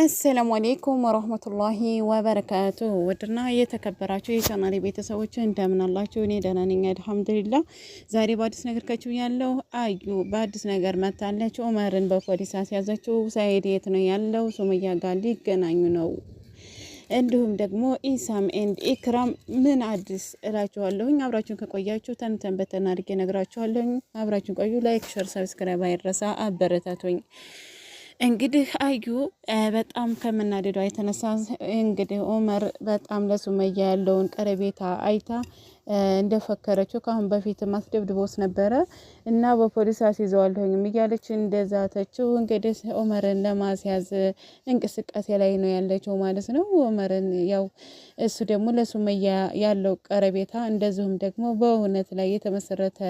አሰላሙ አሌይኩም ወረህመቱላሂ ወበረካቱ ውድና የተከበራችሁ የቻናሌ ቤተሰቦች እንደምን አላችሁ? እኔ ደህና ነኝ አልሐምዱሊላህ። ዛሬ በአዲስ ነገር ከችው ያለው አዩ በአዲስ ነገር መታለች። ኡመርን በፖሊስ አስያዘችው። ሳይድ የት ነው ያለው? ሱመያ ጋር ሊገናኙ ነው። እንዲሁም ደግሞ ኢሳም ኤንድ ኢክራም ምን አዲስ እላችኋለሁኝ። አብራችሁን ከቆያችሁ ተንተን በተን አድርጌ ነግራችኋለሁኝ። አብራችሁን ቆዩ። ላይክ፣ ሸር፣ ሰብስክራይብ አይረሳ። አበረታቱኝ እንግዲህ አዩ በጣም ከመናደዷ የተነሳ እንግዲህ ኦመር በጣም ለሱመያ ያለውን ቀረቤታ አይታ እንደፈከረችው ከአሁን በፊት ማስደብድቦስ ነበረ። እና በፖሊስ አስይዘዋለሁኝም እያለች ተችው። እንግዲህ ኦመርን ለማስያዝ እንቅስቃሴ ላይ ነው ያለችው ማለት ነው። ኦመርን ያው እሱ ደግሞ ለሱመያ ያለው ቀረቤታ እንደዚሁም ደግሞ በእውነት ላይ የተመሰረተ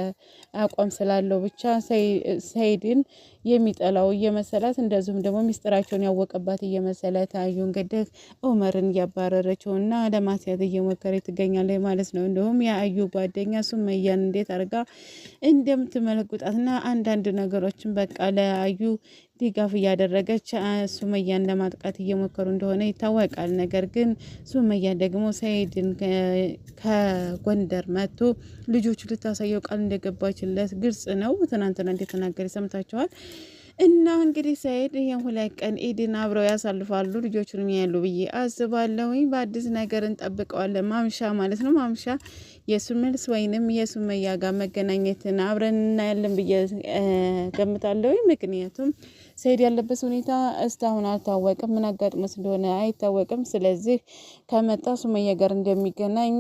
አቋም ስላለው ብቻ ሰይድን የሚጠላው እየመሰላት እንደዚሁም ደግሞ ሚስጥራቸውን ያወቀባት እየመሰለ ታዩ እንግዲህ ኦመርን እያባረረችው እና ለማስያዝ እየሞከረ ትገኛለች ማለት ነው። እንዲሁም የአዩ ጓደኛ ሱመያን እንዴት አድርጋ እንደምትመ ለመለጉጣትና አንዳንድ ነገሮችን በቃ ለአዩ ድጋፍ እያደረገች ሱመያን ለማጥቃት እየሞከሩ እንደሆነ ይታወቃል። ነገር ግን ሱመያ ደግሞ ሰኢድን ከጎንደር መጥቶ ልጆቹ ልታሳየው ቃል እንደገባችለት ግልጽ ነው። ትናንትና እንደተናገረ ሰምታችኋል። እና እንግዲህ ሰኢድ ይህን ሁለት ቀን ኢድን አብረው ያሳልፋሉ፣ ልጆቹን ያሉ ብዬ አስባለሁኝ። በአዲስ ነገር እንጠብቀዋለን። ማምሻ ማለት ነው ማምሻ የሱ ወይንም የሱመያ ጋር መገናኘትን አብረን እናያለን ብዬ ገምታለሁኝ። ምክንያቱም ሰኢድ ያለበት ሁኔታ እስካሁን አልታወቅም፣ ምን አጋጥሞት እንደሆነ አይታወቅም። ስለዚህ ከመጣ ሱመያ ጋር እንደሚገናኝ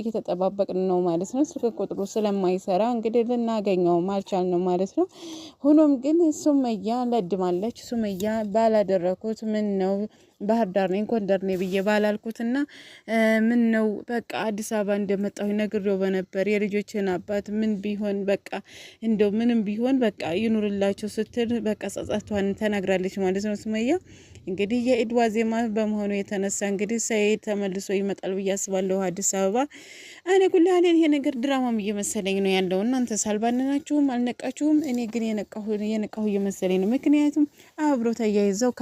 እየተጠባበቅን ነው ማለት ነው። ስልክ ቁጥሩ ስለማይሰራ እንግዲህ ልናገኘውም አልቻል ነው ማለት ነው። ሆኖም ግን ሱመ ሱመያ ለድማለች። ሱመያ ባላደረኩት ምን ነው ባህር ዳር ነኝ ጎንደር ነኝ ብዬ ባላልኩትና ምን ነው በቃ አዲስ አበባ እንደመጣሁ ነግሬው በነበር የልጆችን አባት ምን ቢሆን በቃ እንደው ምንም ቢሆን በቃ ይኑርላቸው ስትል በቃ ጸጸቷን ተናግራለች ማለት ነው። ሱመያ እንግዲህ የኢድ ዋዜማ በመሆኑ የተነሳ እንግዲህ ሰይድ ተመልሶ ይመጣል ብዬ አስባለሁ አዲስ አበባ። እኔ ጉላሌን ይሄ ነገር ድራማም እየመሰለኝ ነው ያለው። እናንተ ሳልባንናችሁም አልነቃችሁም። እኔ ግን የነቃሁ እየመሰለኝ ነው። ምክንያቱም አብሮ ተያይዘው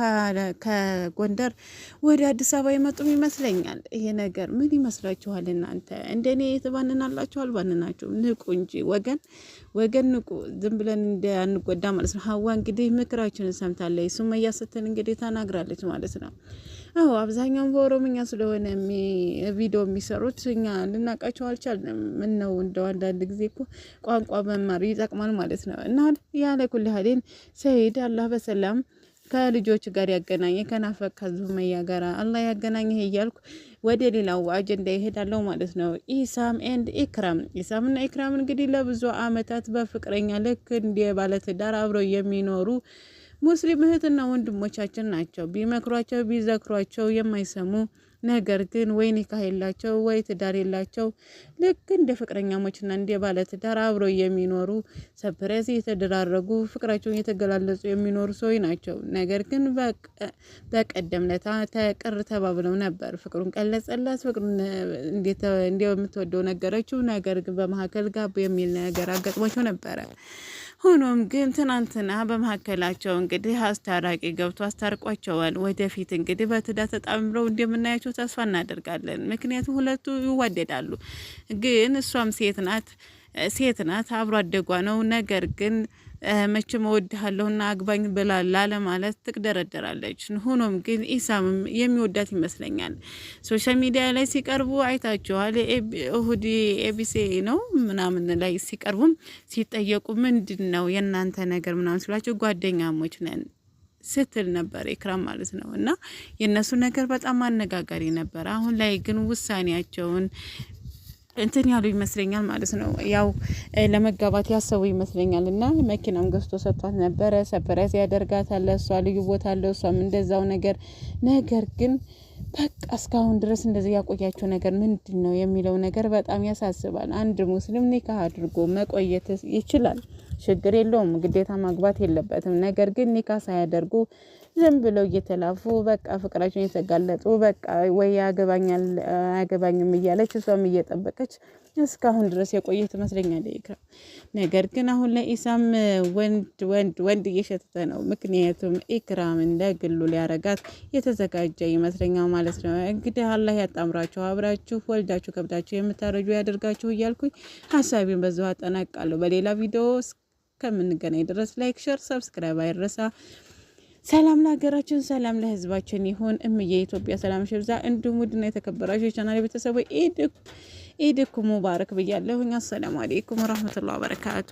ከጎንደር ነገር ወደ አዲስ አበባ ይመጡም ይመስለኛል። ይሄ ነገር ምን ይመስላችኋል እናንተ? እንደኔ የተባንናላችሁ አልባንናችሁ? ንቁ እንጂ ወገን ወገን ንቁ። ዝም ብለን እንዳንጎዳ ማለት ነው። ሀዋ እንግዲህ ምክራችንን ሰምታለች። ሱመያ ስትል እንግዲህ ተናግራለች ማለት ነው። አዎ አብዛኛውን በኦሮምኛ ስለሆነ ቪዲዮ የሚሰሩት እኛ ልናውቃቸው አልቻልንም። ምን ነው እንደው አንዳንድ ጊዜ እኮ ቋንቋ መማር ይጠቅማል ማለት ነው። እና ያለ ኩልህሌን ሰይድ አላህ በሰላም ከልጆች ጋር ያገናኘ ከናፈቅ ከዙመያ ጋር አላህ ያገናኘ እያልኩ ወደ ሌላው አጀንዳ ይሄዳለው ማለት ነው። ኢሳም ኤንድ ኢክራም ኢሳምና ኢክራም እንግዲህ ለብዙ አመታት በፍቅረኛ ልክ እንደ ባለትዳር አብረው የሚኖሩ ሙስሊም እህትና ወንድሞቻችን ናቸው። ቢመክሯቸው ቢዘክሯቸው የማይሰሙ ነገር ግን ወይ ኒካህ የላቸው ወይ ትዳር የላቸው። ልክ እንደ ፍቅረኛሞችና እንደ ባለትዳር አብረው የሚኖሩ ሰፕሬዝ የተደራረጉ ፍቅራቸውን የተገላለጹ የሚኖሩ ሰዎች ናቸው። ነገር ግን በቀደምለታ ተቅር ተባብለው ነበር። ፍቅሩን ቀለጸላት። ፍቅሩን እንደምትወደው ነገረችው። ነገር ግን በመካከል ጋብ የሚል ነገር አጋጥሟቸው ነበረ። ሆኖም ግን ትናንትና በመካከላቸው እንግዲህ አስታራቂ ገብቶ አስታርቋቸዋል። ወደፊት እንግዲህ በትዳር ተጣምረው እንደምናያቸው ተስፋ እናደርጋለን። ምክንያቱም ሁለቱ ይዋደዳሉ። ግን እሷም ሴት ናት ሴት ናት አብሮ አደጓ ነው ነገር ግን መቼም እወድሃለሁና አግባኝ ብላ ላለማለት ትቅደረደራለች። ሆኖም ግን ኢሳምም የሚወዳት ይመስለኛል። ሶሻል ሚዲያ ላይ ሲቀርቡ አይታችኋል። እሁድ ኤቢሲ ነው ምናምን ላይ ሲቀርቡም ሲጠየቁ ምንድን ነው የእናንተ ነገር ምናምን ሲሏቸው ጓደኛሞች ነን ስትል ነበር ኢክራም ማለት ነው። እና የእነሱ ነገር በጣም አነጋጋሪ ነበር። አሁን ላይ ግን ውሳኔያቸውን እንትን ያሉ ይመስለኛል ማለት ነው። ያው ለመጋባት ያሰቡ ይመስለኛል እና መኪናም ገዝቶ ሰጥቷት ነበረ። ሰፕራይዝ ያደርጋታል። እሷ ልዩ ቦታ አለው፣ እሷም እንደዛው ነገር። ነገር ግን በቃ እስካሁን ድረስ እንደዚህ ያቆያቸው ነገር ምንድን ነው የሚለው ነገር በጣም ያሳስባል። አንድ ሙስሊም ኒካህ አድርጎ መቆየት ይችላል፣ ችግር የለውም፣ ግዴታ ማግባት የለበትም። ነገር ግን ኒካህ ሳያደርጉ ዝም ብለው እየተላፉ በቃ ፍቅራቸውን እየተጋለጡ በቃ ወይ ያገባኛል አያገባኝም እያለች እሷም እየጠበቀች እስካሁን ድረስ የቆየ ትመስለኛል ይክራ። ነገር ግን አሁን ላይ ኢሳም ወንድ ወንድ ወንድ እየሸተተ ነው። ምክንያቱም እንደ ግሉ ሊያረጋት የተዘጋጀ ይመስለኛል ማለት ነው። እንግዲህ አላህ ያጣምራችሁ፣ አብራችሁ ወልዳችሁ ከብዳችሁ የምታረጁ ያደርጋችሁ እያልኩኝ ሀሳቢን በዚሁ አጠናቃለሁ በሌላ ቪዲዮ እስከምንገናኝ ድረስ ላይክ፣ ሸር፣ ሰብስክራይብ አይረሳ። ሰላም ለሀገራችን ሰላም ለህዝባችን ይሁን። እምዬ የኢትዮጵያ ሰላም ሽብዛ። እንዲሁም ውድና የተከበራችሁ የቻናል ቤተሰቦች ኢድ ኢድኩ ሙባረክ ብያለሁኝ። አሰላሙ አሌይኩም ወረህመቱላህ በረካቱ